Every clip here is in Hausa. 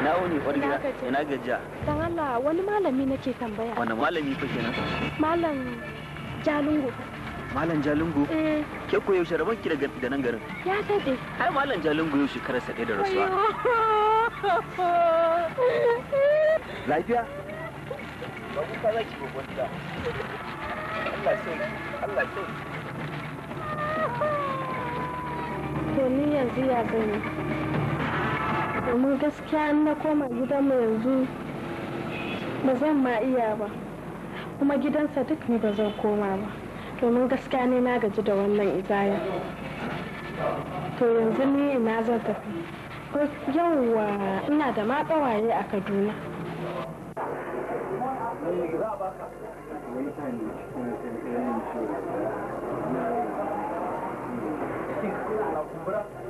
ina wani gida ina gajiya don Allah wani malami nake tambaya wani malami fa kenan malam jalungu malam jalungu eh. ke ko yaushe rabon ki daga da nan garin ya dade ai malam jalungu yau shekarar sa da rasuwa lafiya ba ku kaza ki gwagwanta Allah sai Allah sai to ni yanzu ya gani domin gaskiya na koma gidanmu yanzu ba zan ma iya ba kuma gidansa duk ni ba zan koma ba domin gaskiya ne na gaji da wannan izaya to yanzu ni ina zan tafi yauwa ina da ma ƙawaye a kaduna Thank you.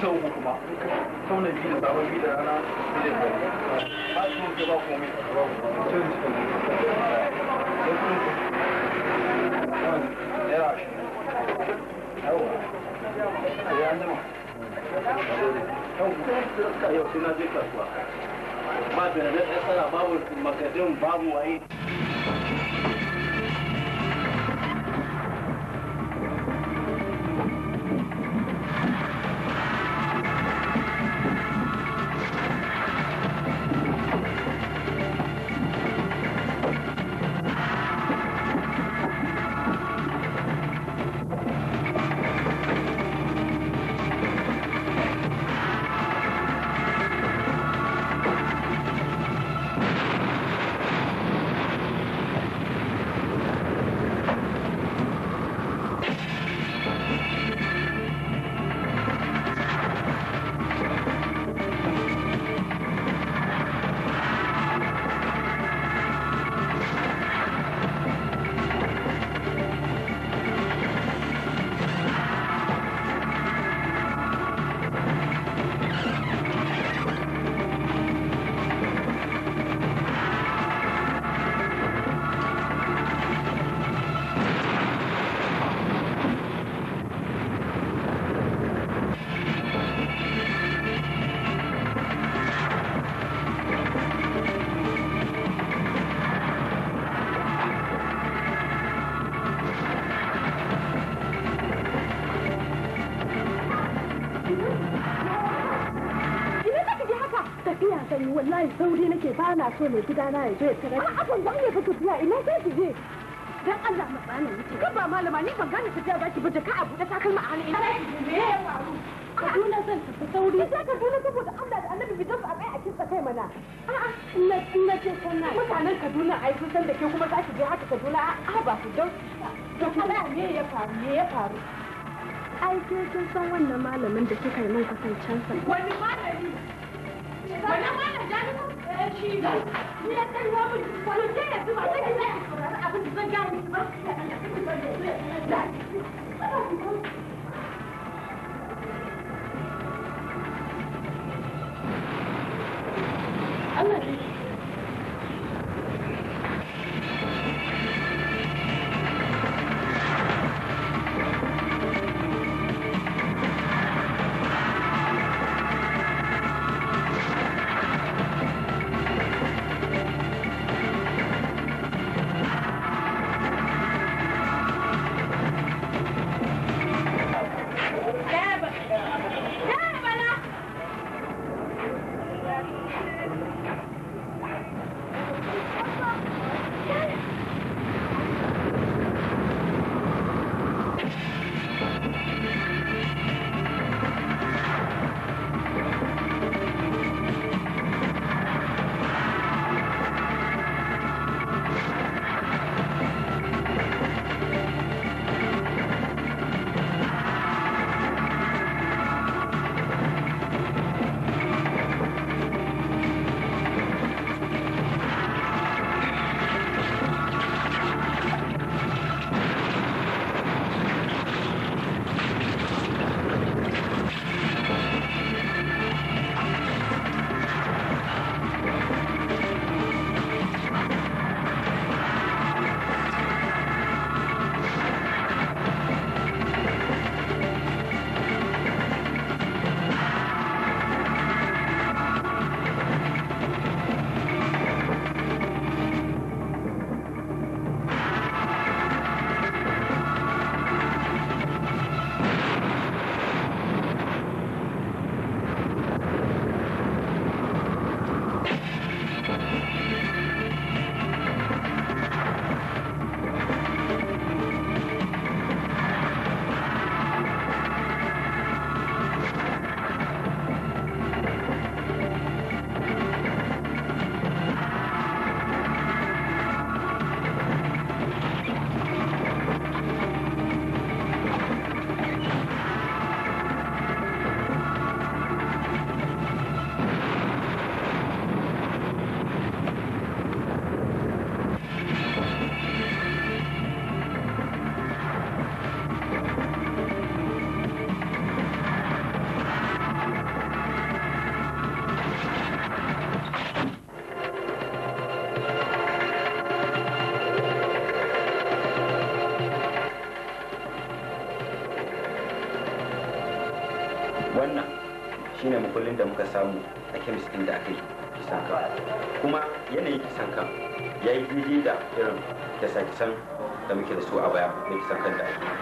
sau uku kuma sau na biyu da sabon biyu da rana biyu da ba su ke ba komai sai su kan yawa shi yawa ya zama yau sai na je kasuwa ma da na ɗaya tsara babu makadin babu waye ana so mai gida na ya je ya tarar akan ba ya fita biya ina sai ki je dan Allah na tsana miki kan ba malama ni ban gane tafiya ba ki baje ka a bude takalma a hannun ina sai ki je me ya faru ka Kaduna zan tafi sauri. Ita Kaduna saboda Allah da Annabi bi dan a kai a kitsa kai mana. a ina ina ce kana. Mutanen Kaduna ai sun san da ke kuma za ki je haka Kaduna a ba ku dan. To Allah me ya faru me ya faru. ai ke kin san wannan malamin da kika yi min kusancansa. Wani malami? Wani malami? Thank you. kullum da muka samu a kemis din da aka yi kisan kan kuma yanayin kisan kan ya yi daidai da irin da sa da muke da su a baya na kisan kan da ake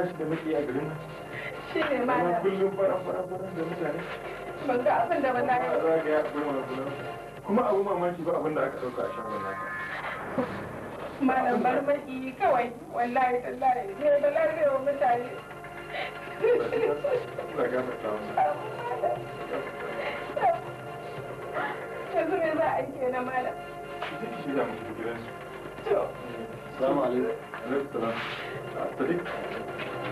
ba da muke a garin shi ne ma na kullum fara fara fara da mutane ban ga abin da ban na yi za ga ya akwai mana kuma abu mamaki ba abin da aka dauka a shagon naka malam barmaki kawai wallahi tallahi ne da lafiyar mutane yanzu me za a yi kenan malam shi za mu tafi gidansu Assalamu alaikum. Alaikum salam. Sadiq.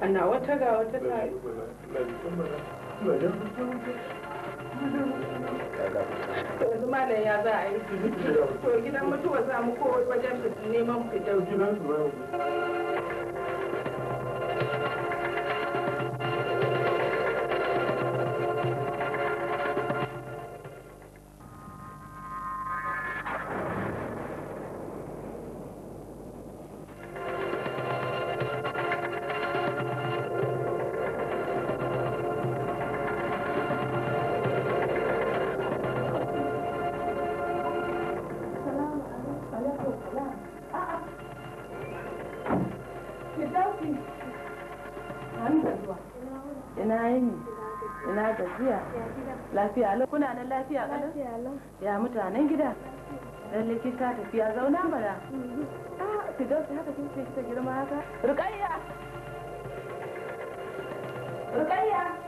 ana wata ga wata ta ya za a aiki to gidan mutuwa za mu kowai wajen neman fitar Lafiya lau kuna nan lafiya lau. Ya mutanen gida. Lalle kin ka tafiya zauna bara. Mm-hmm. Ah, ki dauki haka kin ce ta girma haka. Rukayya. Rukayya.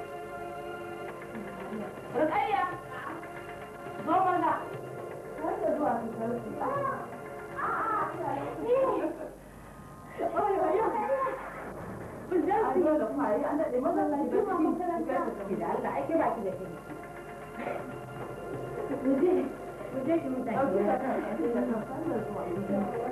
你们在那儿？你们在那儿翻着做？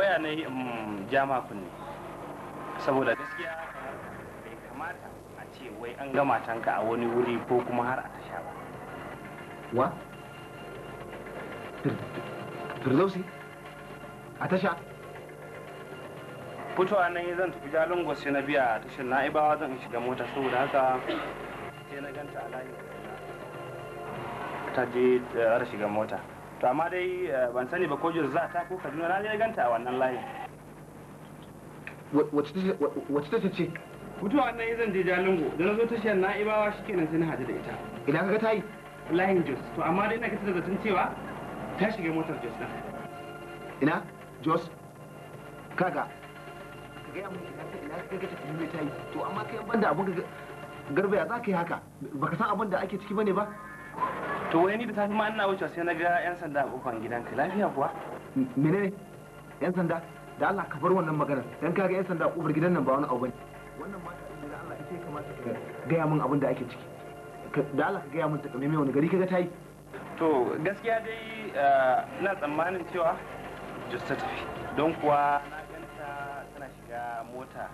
waya na yi mm, jama kunne saboda gaskiya bai kamata a ce wai an gama tanka a wani wuri ko kuma har a tasha ba wa firdausi a tasha fitowa nan zan tafi jalin sai na biya a tashin na'ibawa zan shiga mota saboda haka sai na ganta a layin ta je da shiga mota to amma dai eh, ban sani ba ko za ta ko kaduna na ne ganta a wannan layi wacce ta ce mutuwa wannan yi zan je jalingo da na zo tashiyar na'ibawa ibawa shi kenan sai na haji da ita idan kaga ta yi layin jos to amma dai na kasa da zaton cewa ta shiga motar jos na. ina jos kaga ka gaya mun ina ta yi to amma kai banda abun garba ya za ka yi haka baka san abin da ake ciki bane ba to wai ni da safi ma ina wucewa sai na ga yan sanda a kofar gidanka lafiya kuwa menene yan sanda da Allah ka bar wannan maganar dan kaga yan sanda a kofar gidan nan ba wani abu bane wannan mata da Allah ita ya kamata ka gaya min abin da ake ciki da Allah ka gaya min takamaimai wani gari kaga tayi to gaskiya dai eh, ina tsammanin cewa just ta tafi don kuwa na ganta tana shiga mota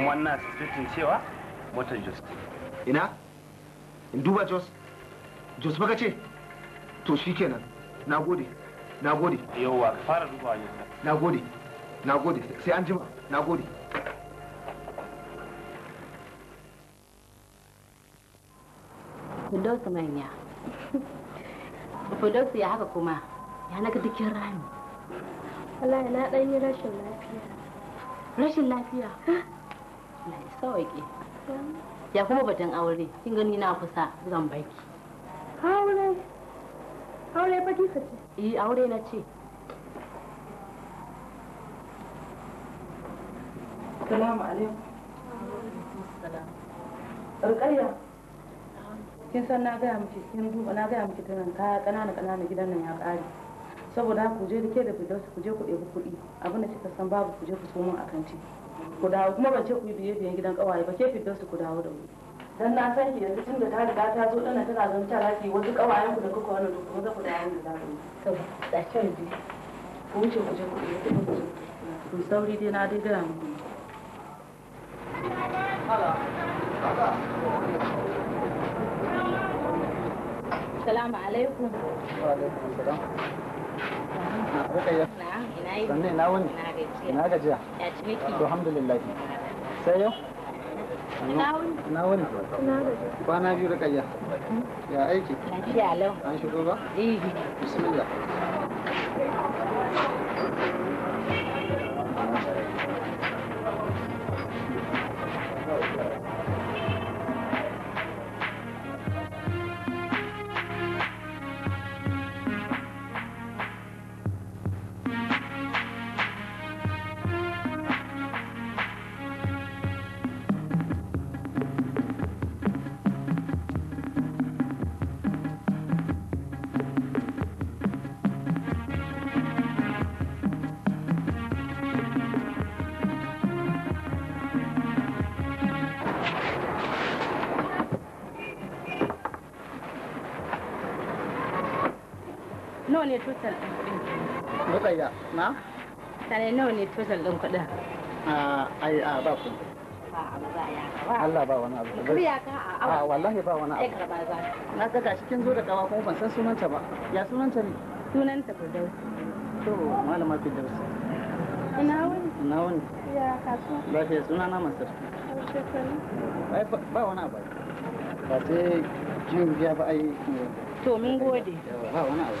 wannan suspectin cewa motar Jos. ina in duba Jos. jos baka ce to kenan na gode na gode yauwa ka fara duba a na gode na gode sai an jima na gode Firdausu manya. Firdausu ya haka kuma ya naga dukkan rami. Wallahi na ɗan yi rashin lafiya. Rashin lafiya? Na isa sawaƙe. Ya kuma batun aure, kin gani na kusa zan baki. Aure. Aure fa kika ce? Eh, aure na ce. Salamu alaikum. Alƙarya. Kin san na gaya miki kin duba na gaya miki tunan kaya ƙanana ƙanana gidan nan ya ƙare. Saboda haka ku je da ke da Firdausu ku je ku ɗebi kuɗi abin da kika san babu ku je ku so min a kanti. Ku dawo kuma ban ce ku yi biye biyen gidan ƙawaye ba ke Firdausu ku dawo da wuri. dan na san ki yanzu tun da ta riga ta zo dana tana zan ta lafi wasu kawayen ku da kuka wani duk kuma ku da da zaku to da kyau ji ku wuce ku je ku yi ku sauri dai na dai gaya muku Salamu alaikum. Wa alaikum salam. Na'am, ina yi. Sanne na wani? Ina gajiya. Ya ci miki. Alhamdulillah. Sai yau? Na wani? Kwana biyu da kayya. Hmm? Ya aiki? Lafiya lau. An shigo ba? Eh. Bismillah. ma? tare nawa ne total din kuɗin a a ba ku Allah ba wani abu. Kuri ya ka a wallahi ba wani abu. Na ga gashi kin zo da kawa kuma ban san sunanta ba. Ya sunanta ne? Sunanta Firdaus. To malama Firdaus. Ina wani? Ina wani? Ya kasuwa. Lafiya suna na Mansur. Ba wani abu. Ba sai jin biya ba ai. To mun gode. Ba wani abu.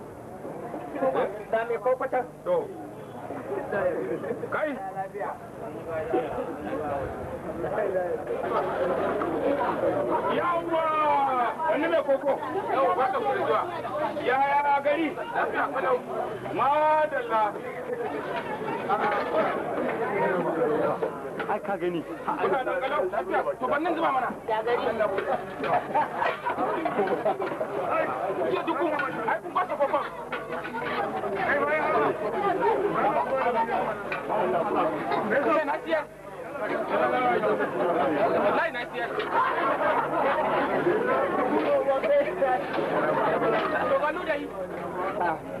da to kai yawwa wani mai koko yawwa ba ta kuri zuwa yaya gari madalla ai ka gani to zuba mana ya gari ya duku ai kun kwata na na to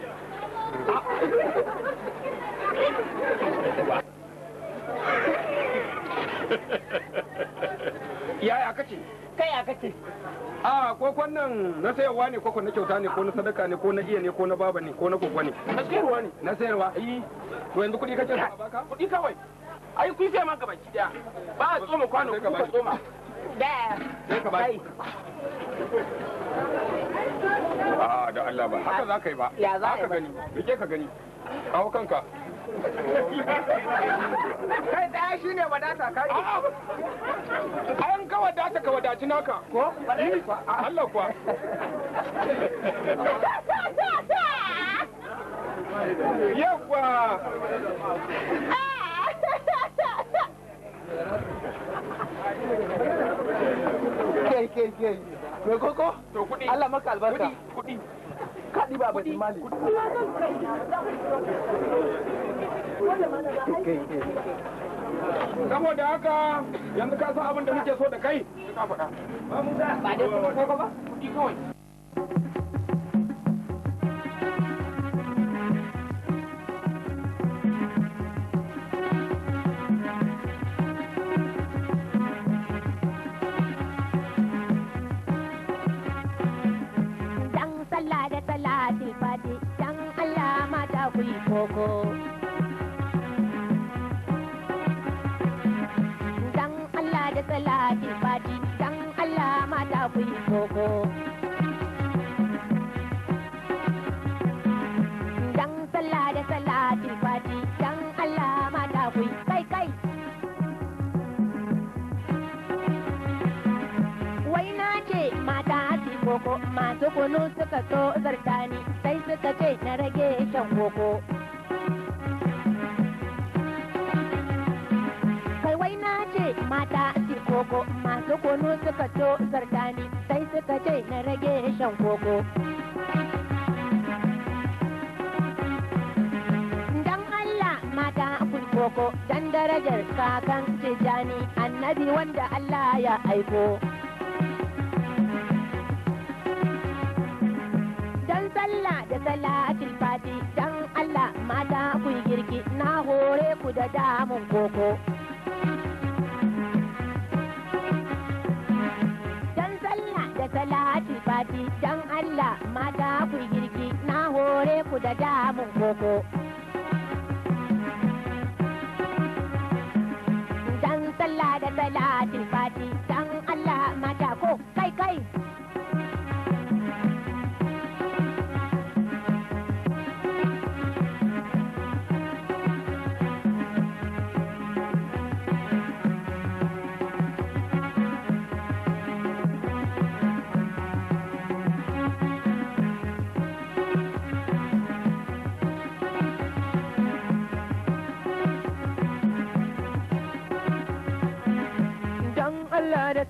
yaya ce? kai aka ce a kokon nan na sayarwa ne kokon na kyauta ne ko na sadaka ne ko na iya ne ko na baba ne ko na kokon ne na sayarwa ne na sayarwa eh to yanzu kudi kace a baka Kudi kawai ai kun sai ma gaba ki daya ba a tsoma kwano ko ka tsoma da sai ka bai a ah, da Allah ba haka za ka yi ba haka gani rike ka gani kawo kanka kai tsaya shi ne wadata kai an ka wadata ka wadaci naka ko Allah kuwa yawa kai kai kai Mai koko? To kuɗi. Allah maka albarka. Kuɗi. Kaɗi ba baɗi mali. Saboda haka yanzu ka san abin da muke so da kai. Ka faɗa. Ba dai koko ba? Kuɗi kawai. koko dan Allah da salati fati dan Allah mata ku yi koko dan Allah da salati fati dan Allah mata ku yi kai kai wai na ce mata su koko masu kunu suka so zartani sai suka ce na rage shan koko. su kunu suka to zartani sai suka ce na rage shan koko dan Allah mata kun koko dan darajar kakan tijani annabi wanda Allah ya aiko dan sallah da salatul fati dan Allah mata kun girki na hore ku da damun koko daɗi dan Allah mata ku girki na hore ku da damun koko. Dan sallah da salatin fati dan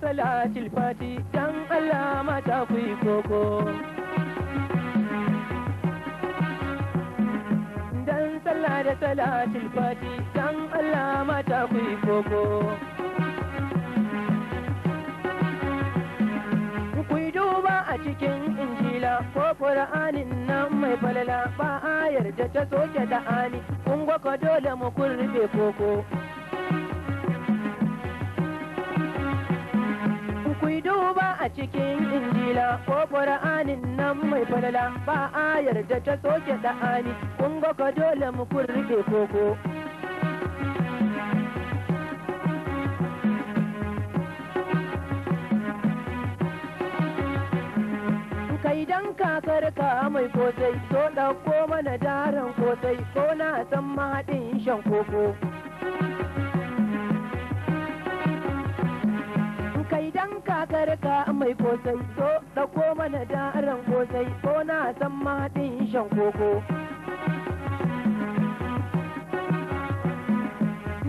da salatil dan Allah mata ku koko. Dan da salatil fati dan Allah mata ku koko. duba a cikin injila ko Qur'anin nan mai falala ba ta soke da ani kun gwaka dole mu kurbe koko. duba a cikin injila ko qur'anin nan mai falala ba ayar da ta soke da'ani kun ka dole mu kurbe koko. idan kakar ka mai kosai so ɗauko mana daren kosai ko na san mahaɗin shan koko. barka mai kosai so ɗauko mana daren kosai ko na san mahaɗin shan koko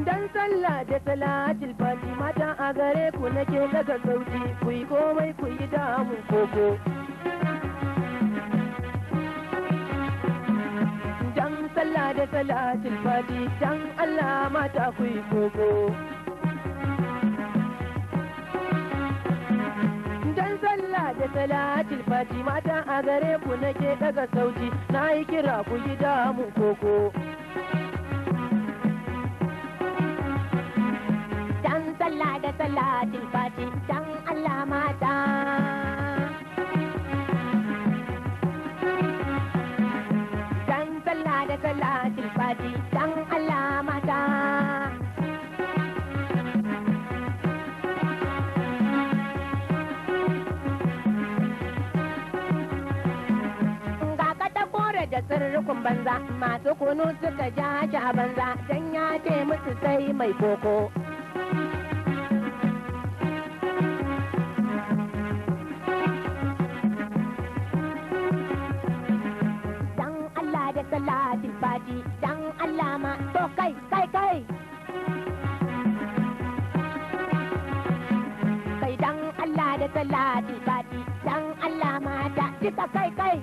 dan sallah da salatul fati mata a gare ku nake daga sauti ku yi komai ku yi damun koko dan sallah da salatul fati dan allah mata ku yi koko da salatul fati mata a gare ku nake daga sauti na yi kira ku yi damu koko. Dan sallah da salatul fati dan Allah mata. rukun banza masu kunu suka ja shi a banza dan ya ce musu sai mai koko dan Allah da salatin fati dan Allah ma to kai kai kai kai dan Allah da salatin fati dan Allah ma ta kai kai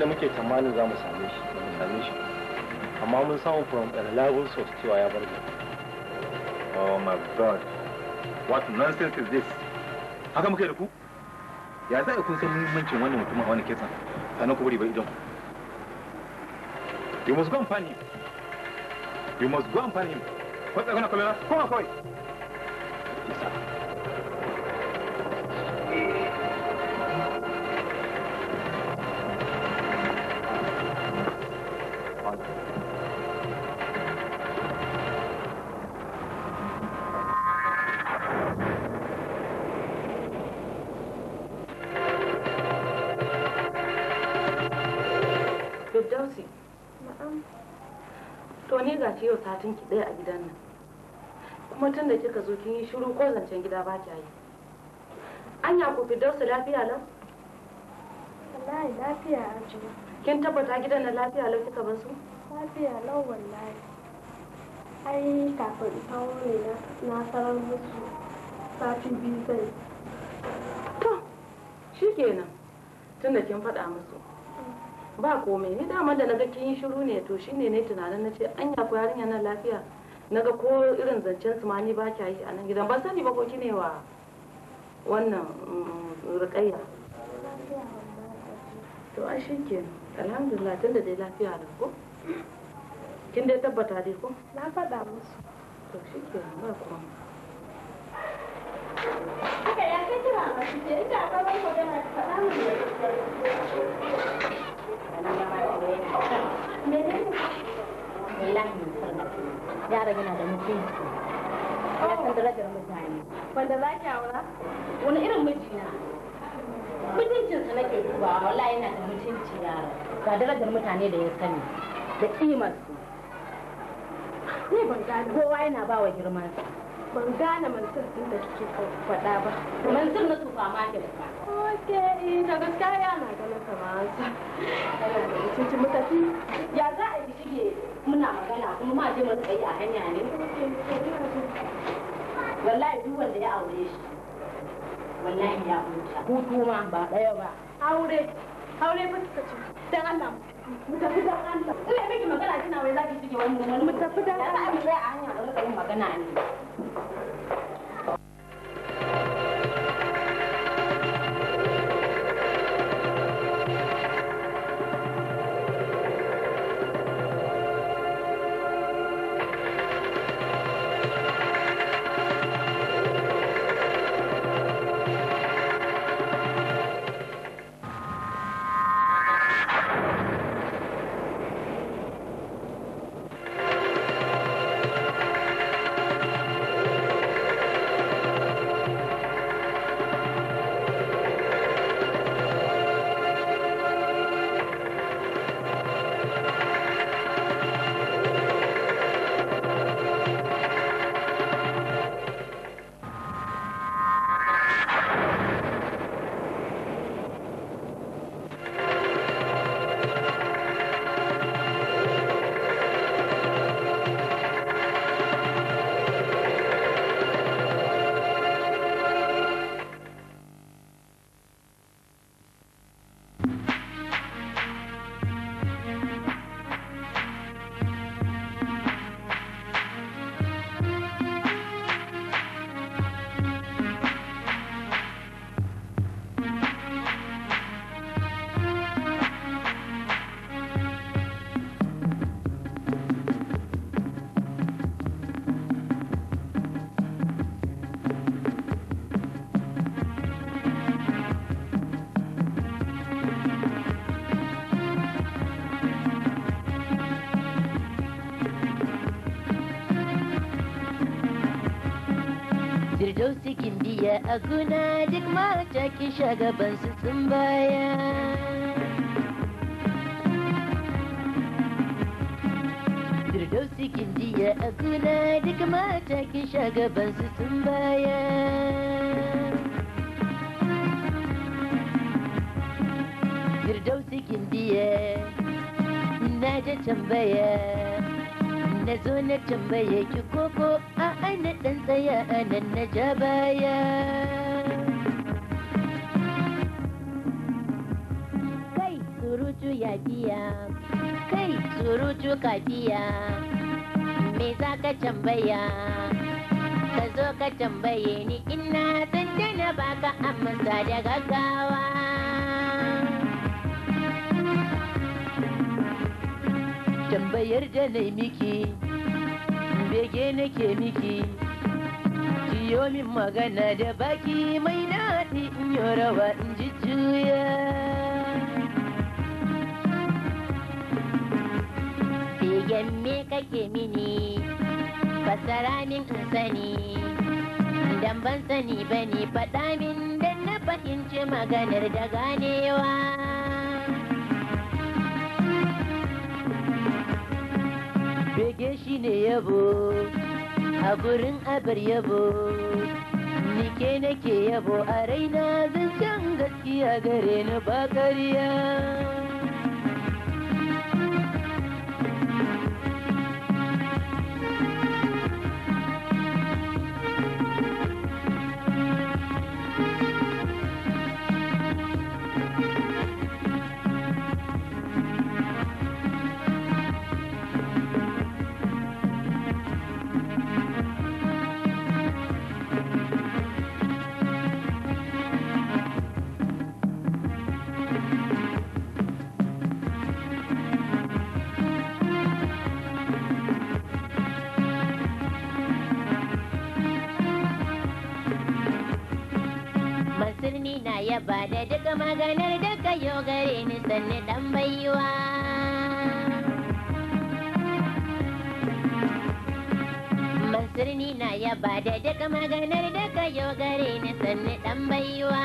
da muke tamanin za mu same shi ba mu same shi amma mun samu from a reliable source cewa ya bar oh my god what nonsense is this haka muke da ku ya za kun san muhimmancin wannan mutumin a wani kisan sannan ku bari bai idan you must go and find him you must go and find him what's going to come out come on boy yes, sir. ga ki yau satin ki ɗaya a gidan nan kuma tun da kika zo kin yi shiru ko zancen gida ba ta yi anya ku fi dausa lafiya lau wallahi lafiya a jima kin tabbata gidan nan lafiya lau kika su? lafiya lau wallahi ai kafin ta kawo ne na sarar musu sati biyu zai to shikenan tun da kin faɗa musu ba komai ni dama da naga kin shiru ne to shine ne tunanin nace anya ko yarinya nan lafiya naga ko irin zancen su ma ni ba kya yi a nan gidan ban sani ba ko kine wa wannan mm, rukayya to a shike alhamdulillah tunda dai lafiya da ko kin dai tabbata dai ko na faɗa musu to shike ba kuma haka ya kai kira ma shi ke inda akwai magana ka faɗa mu yaron yana da mutunci ya san darajar mutane wanda za ki aura wani irin mijina mutuncinsa nake dubawa wala yana da mutunci yara ga darajar mutane da ya sani da su ne ban gane kowa yana ba wa sa ban gane mansur din da kike faɗa ba mansur na tufa ma ba ok to gaskiya yana ganin kamar yana da mutafi ya za a yi shige muna magana kuma ma je mu tsaye a hanya ne wallahi duk wanda ya aure shi wallahi ya huta hutu ma ba daya ba aure aure ba suka ce dan Allah mu tafi dan Allah ina miki magana kina wai zaki shige wani mu tafi dan Allah mu tsaya a hanya ba mu magana ne firdausi gimbiya a guna duk mata ki shagaban su sun baya firdausi gimbiya a duk mata ki shagaban su sun baya na tambaya na zo na tambaya ki koko na ɗan tsaya a nan na ja baya kai surutu ya biya kai surutu ka biya me za ka tambaya ka zo ka tambaye ni ina tantana ka amsa da gaggawa tambayar da na miki bege nake miki jiyo min magana da baki mai daɗi in yi in ji juya begen me kake mini fasara min in sani idan ban sani bane faɗa min dan na fahimci maganar da ganewa bege shi ne yabo a gurin abar yabo nike nake yabo a raina zan gaskiya gare ni ba ƙarya ba da duka maganar da ka yo gare ni sanni dan baiwa Mansur ya ba da duka maganar da ka yo gare ni sanni dan baiwa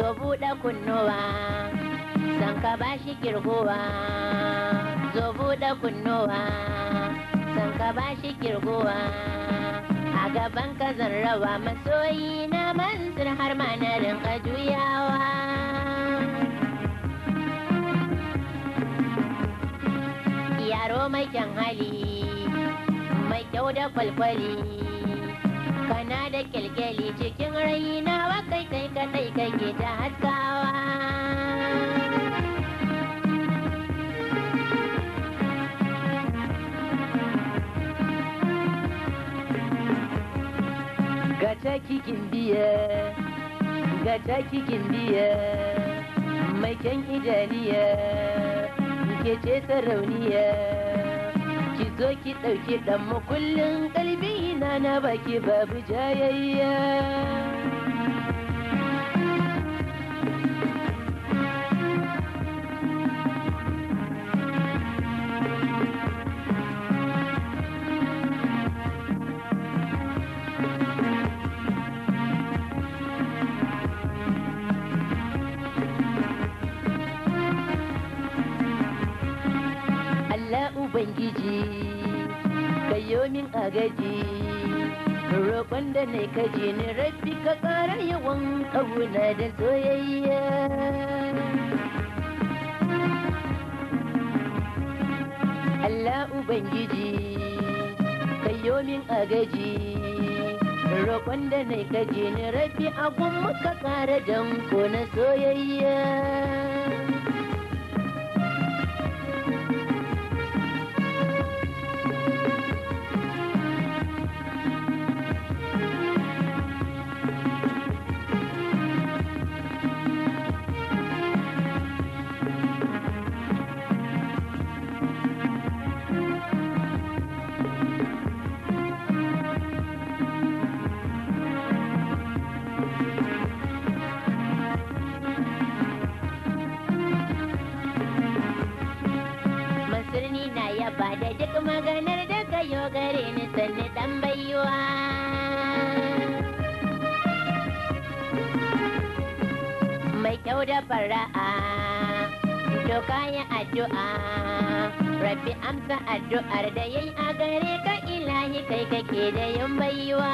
Zo buɗe kunnuwa san ka bashi girguwa. zo buɗe kunnuwa san ka bashi girguwa. gaban ka zarrawa masoyi na mansur har ma na rinka juyawa yaro mai kyan hali mai kyau da kwalkwali kana da kyalkyali cikin raina wa kai kai kai kake ta haskawa ta kikin biya ga ta kikin biya mai kyan idaniya ke ce sarauniya ki zo ki ɗauki ɗan makullin ƙalbi na na baki babu jayayya ubangiji kayomin agaji roƙon da na kaji ni rabbi ka ƙara yawan ƙauna da soyayya Allah Ubangiji, kayomin agaji, roƙon da na kaji ni rafi agun muka ƙara danko na soyayya. addu'a rabbi amsa addu'ar da yayi a gare ka ilahi kai kake da yin baiwa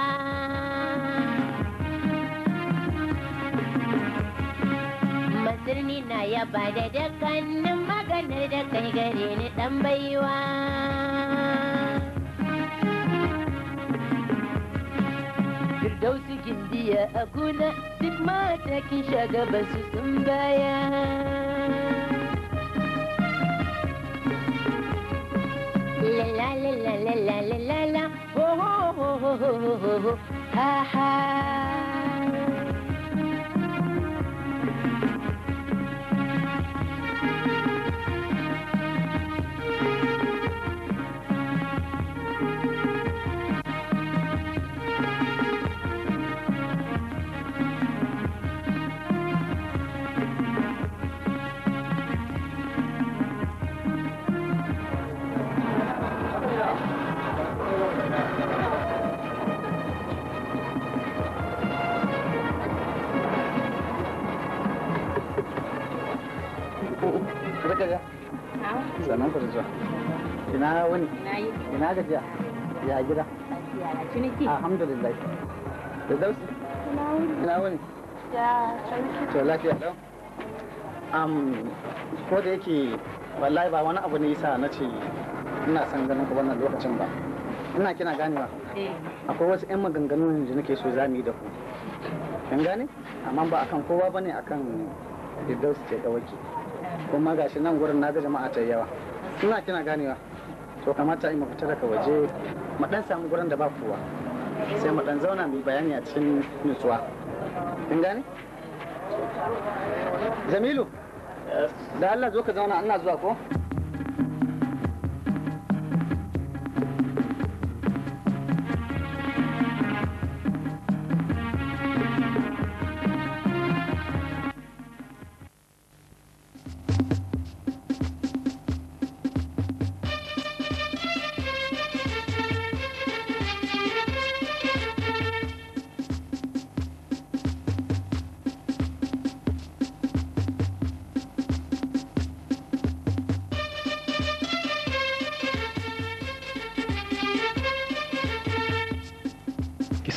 Mazirni na yaba da dukkanin maganar da kai gare ni dan baiwa Firdausi gindiya a kuna duk mata kin shaga sun baya la la la la la la la la. Oh, oh, oh, oh, oh, oh, oh. oh. ha ha. sannan ku zuwa ina wani ina gajiya ya gida alhamdulillah da dausi ina wani to lafiya am ko da yake wallahi ba wani abu ne yasa na ce ina son ganin ku wannan lokacin ba ina kina ganewa eh. akwai wasu 'yan maganganu da nake so za mu yi da ku kin gane amma ba akan kowa bane akan Firdaus ce dawaki kuma gashi nan gurin naga jama'a ta yawa ina kina ganewa to kamata in mafita daga waje mu dan samu gurin da ba kowa sai mu dan zauna mu bayani a cikin nutsuwa kin gane Jamilu da Allah zo ka zauna ina zuwa ko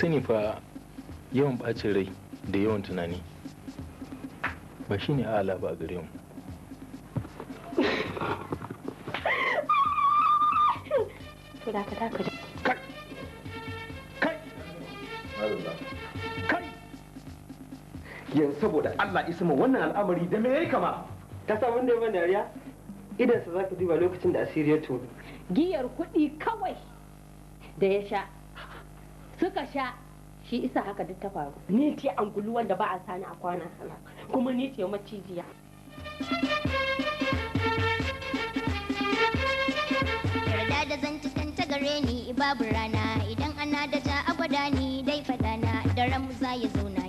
sani fa yawan ɓacin rai da yawan tunani ba shi ne ala ba gare mu kai kai yanzu saboda allah isma wannan al'amari da me yayi kama ta sa wanda ya ban dariya idansa sa ka duba lokacin da asiri ya tono giyar kuɗi kawai da ya sha suka sha shi isa haka duk ta faru ni ce angulu wanda ba a sani a kwana sana kuma ni ce macijiya yarda da zan ta gare ni babu rana idan ana da ja a gwada ni dai fadana da ramu za ya na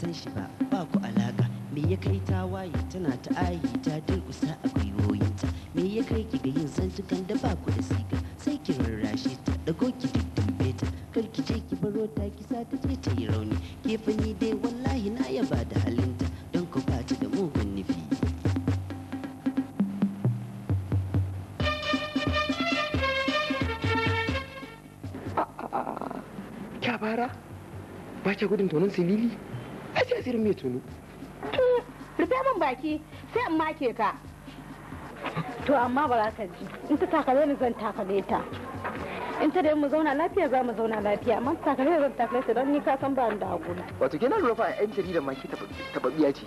san shi ba ba ku alaka me ya kai ta waye tana ta ayi ta durkusa a gwiwoyinta me ya kai ki ga yin santukan da ba ku da siga sai ki rarrashe ta dago ki dudube ta kar ki je ki baro ta ki sa ta je ta yi rauni ke fani dai wallahi na yaba da halinta don ku ba ta da mugun nufi bara ba kya gudun tonon sinili? rufe asirin mai tunu rufe min baki sai in make ka to amma ba za ka ji in ta takale ni zan takale ta in ta da mu zauna lafiya za mu zauna lafiya amma ta takale ni zan takale ta don ni ka san ba ni da hakuri wato kenan fa a yan jarida ma ke tababbiya ce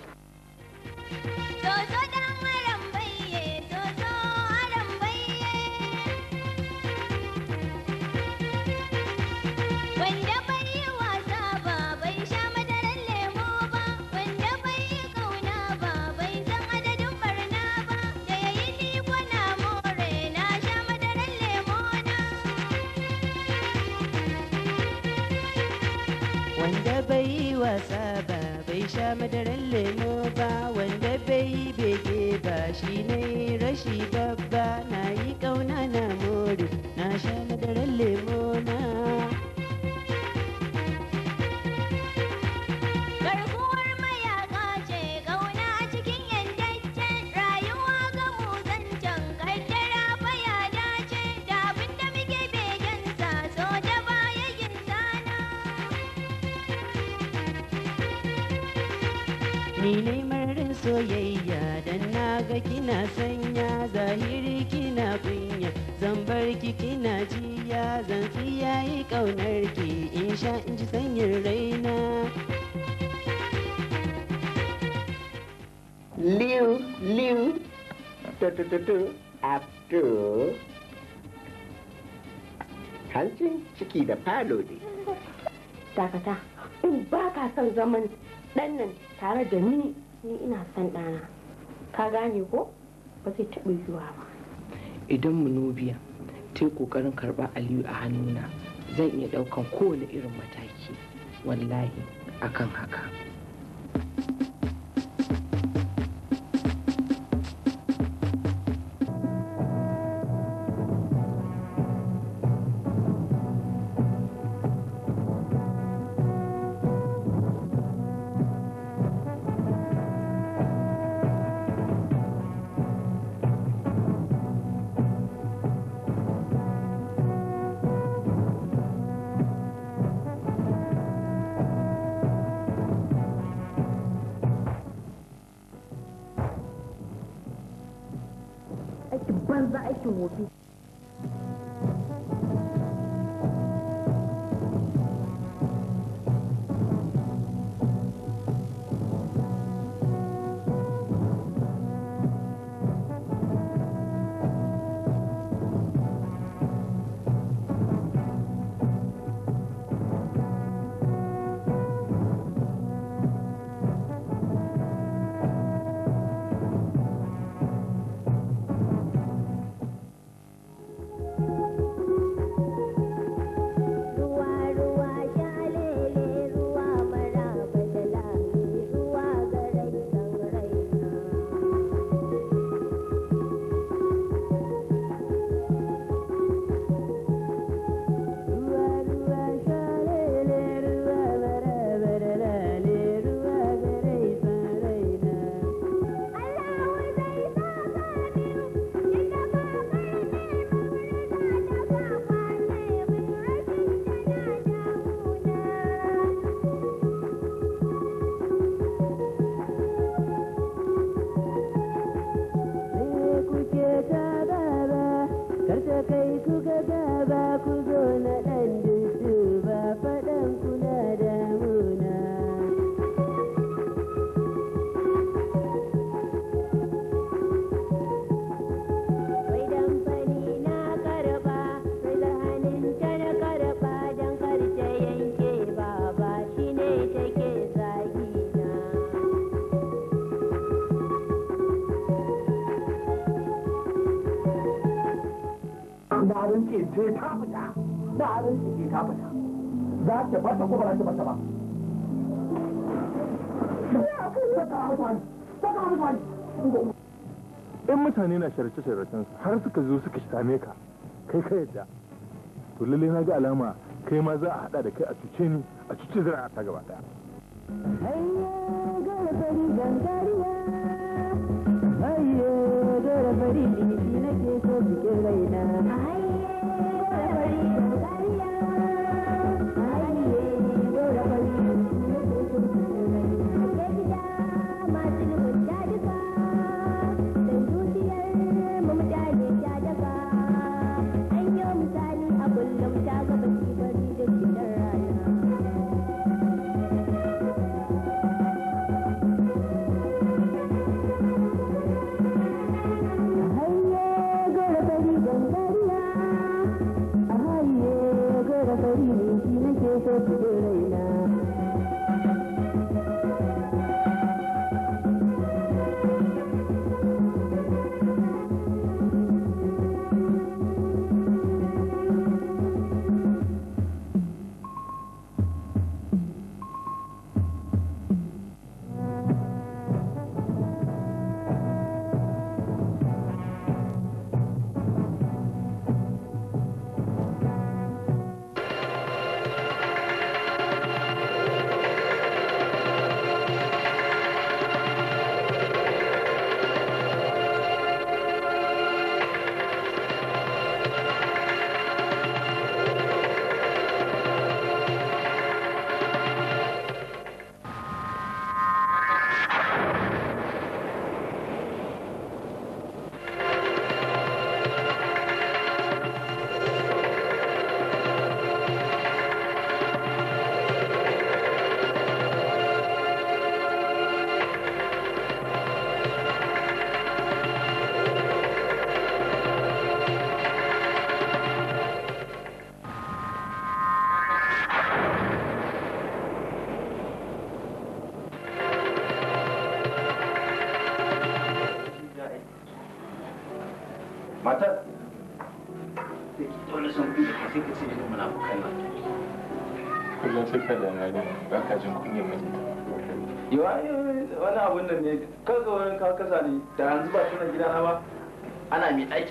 madaran lemo ba wanda bai bege ba shi ne rashi babba na yi ƙauna na more na sha madaran lemo ƙaunar ki in sha in ji sanyin raina liu liu tututu, abdu hancin ciki da falo ne dakata in ba ka son zaman ɗan tare da ni ni ina son ɗana ka gane ko ba zai taɓa yiwuwa ba idan munubiya ta yi ƙoƙarin karɓar aliyu a hannuna zan iya daukan kowane irin mataki wallahi akan haka 모든 sai ta fita na arin sai ta fita za ta bata ko ba za ta bata ba in mutane na sharce-sharcen har suka zo suka same ka kai ka yadda to lalle na ga alama kai ma za a hada da kai a cuce ni a cuce zira ta gaba daya Ayyo, dole fari jiki nake so cikin raina. Thank you.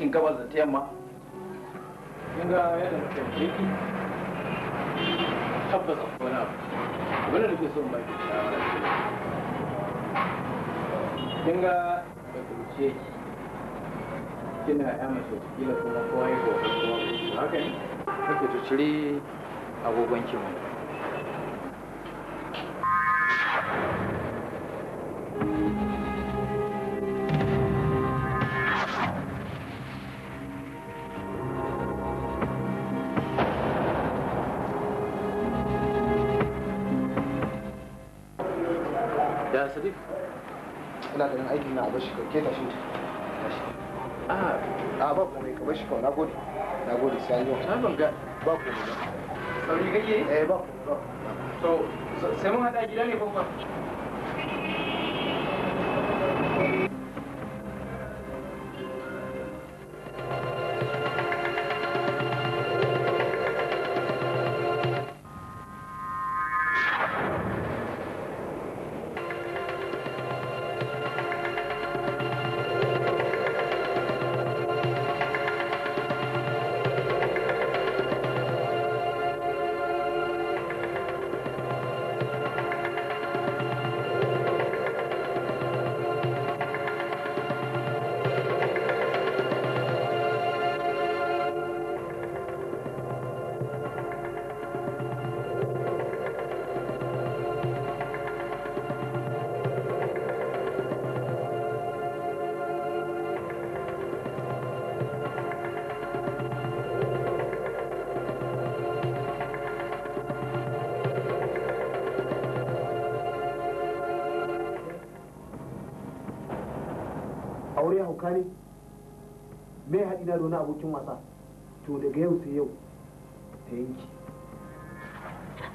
yankin gabas da ta yamma kin ga yadda mutum yake tabbas akwai wani abu abin da nake so ba ke shawara kin ga da kuce ki kina ya mace kila kuma kowa ya kuma haka ne kake tuciri agogon kimanta ka bar shi kawai sai an yi wa ga ba ku ba sauri kake eh ba ku ba to sai mun hada gida ne ko ba hauka ne mai haɗi na da abokin wasa to daga yau sai yau ta yanki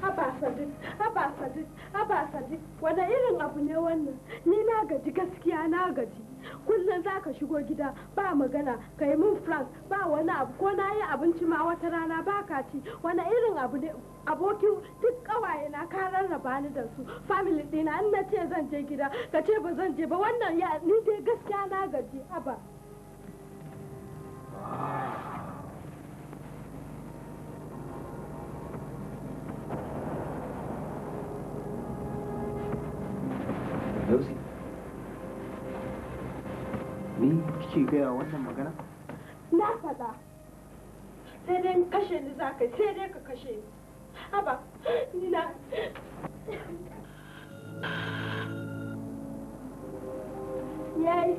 haba sadiq haba sadiq haba sadiq wani irin abu ne wannan ni na gaji gaskiya na gaji kullum za ka shigo gida ba magana ka yi min frank ba wani abu ko na yi abinci ma wata rana ba ka ci wani irin abu ne abokin duk ƙawaye na ka rarraba ni da su family dina in na ce zan je gida ka ce ba zan je ba wannan ya ni Lucy, ni kike gaya wannan magana? Na faɗa. Sai dai kashe ni za ka sai dai ka kashe ni. Haba, ni na... Yes.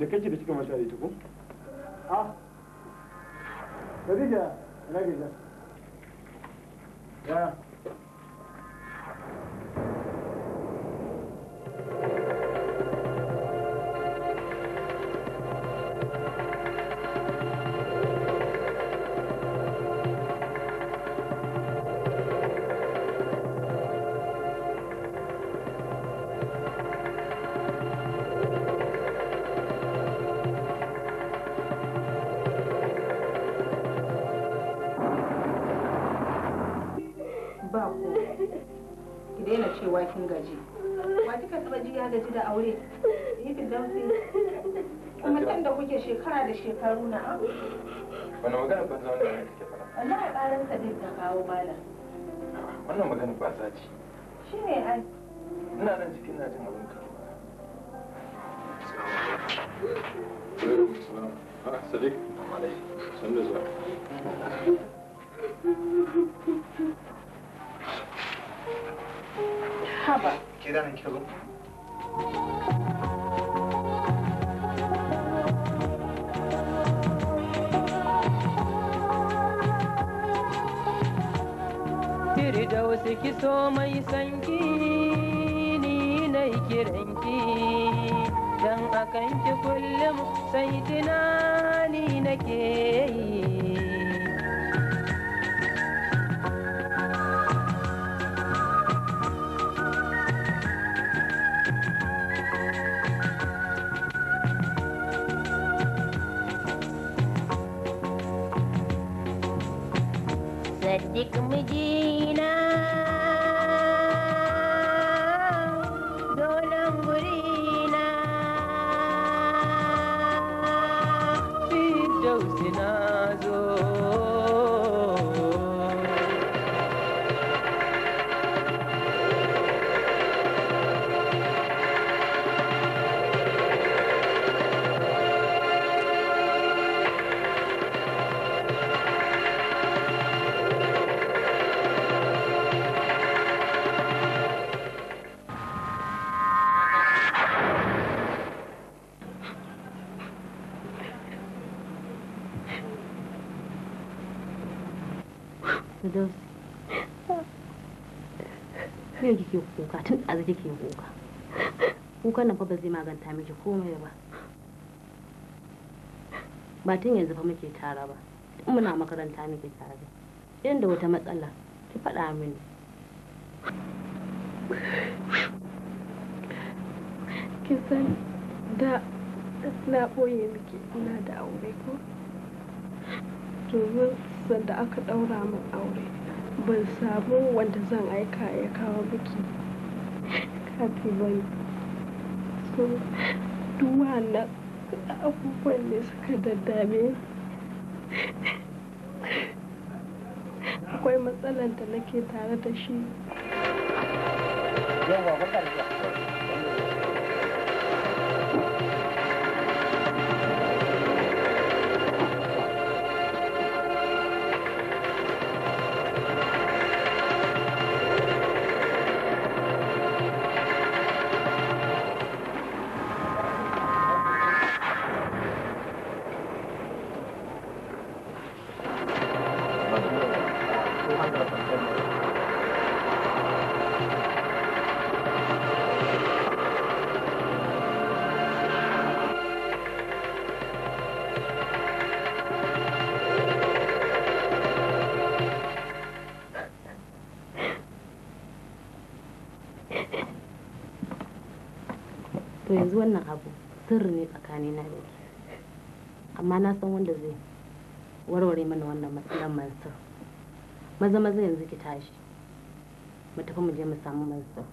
jakanki da kika manta da ita ko? Ah, Khadija, na gaja. wani magana banza wanda ne kake fara ya karan sa din ta kawo malam wannan magana ba za ci shine ai ina nan cikin na jin abin ka Sadiq, san da zuwa. Haba. Kira ne so mai sanki ni na kiranki dan akan ki kullum sai tunani nake yi Sadiq mijina ba zai maganta miki komai ba ba tun yanzu fa muke tara ba tun muna makaranta muke tare inda wata matsala ki faɗa mini ki san da na ɓoye miki ina da aure ko domin sanda aka ɗaura min aure ban samu wanda zan aika ya kawo miki kafin wani cikin duwa abubuwan ne suka daddame akwai matsalan da nake tare da shi yanzu wannan abu sirri ne tsakani na da amma na san wanda zai warware mana wannan matsalar mansur maza maza yanzu ki tashi mu tafi mu je mu samu mansur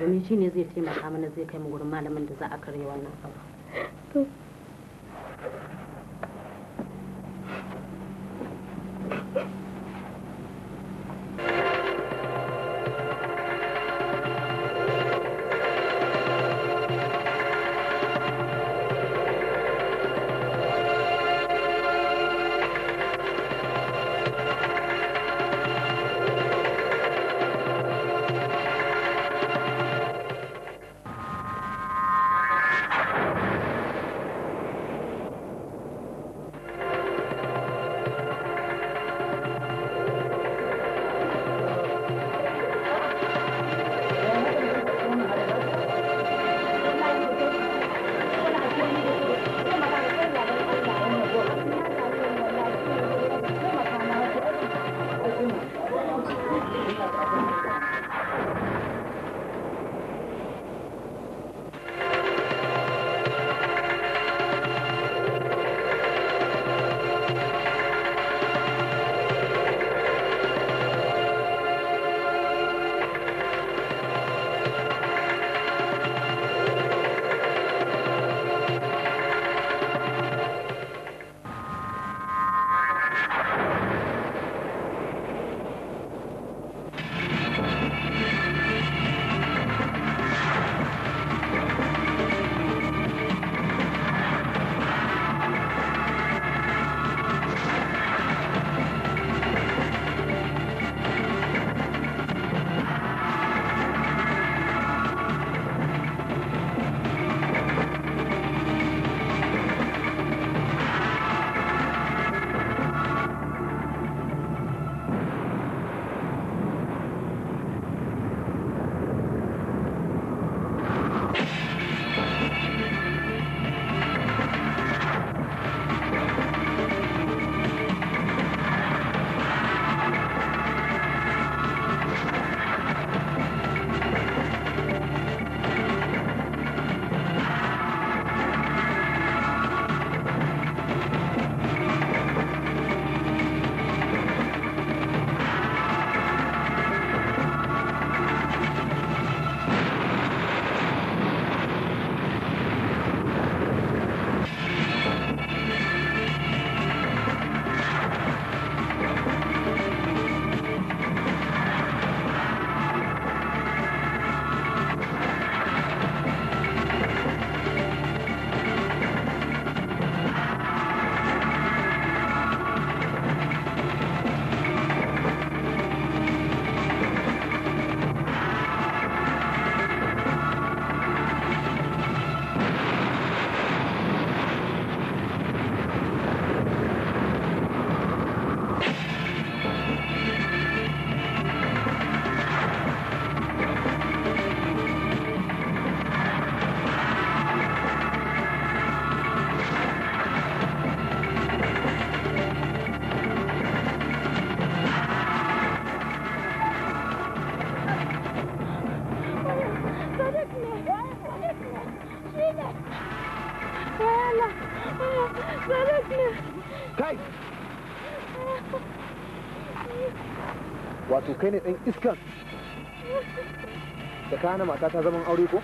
domin shi ne zai taimaka mana zai kai mu gurin malamin da za a karya wannan abu kai ne ɗan iskan da kana hana mata ta zaman aure ko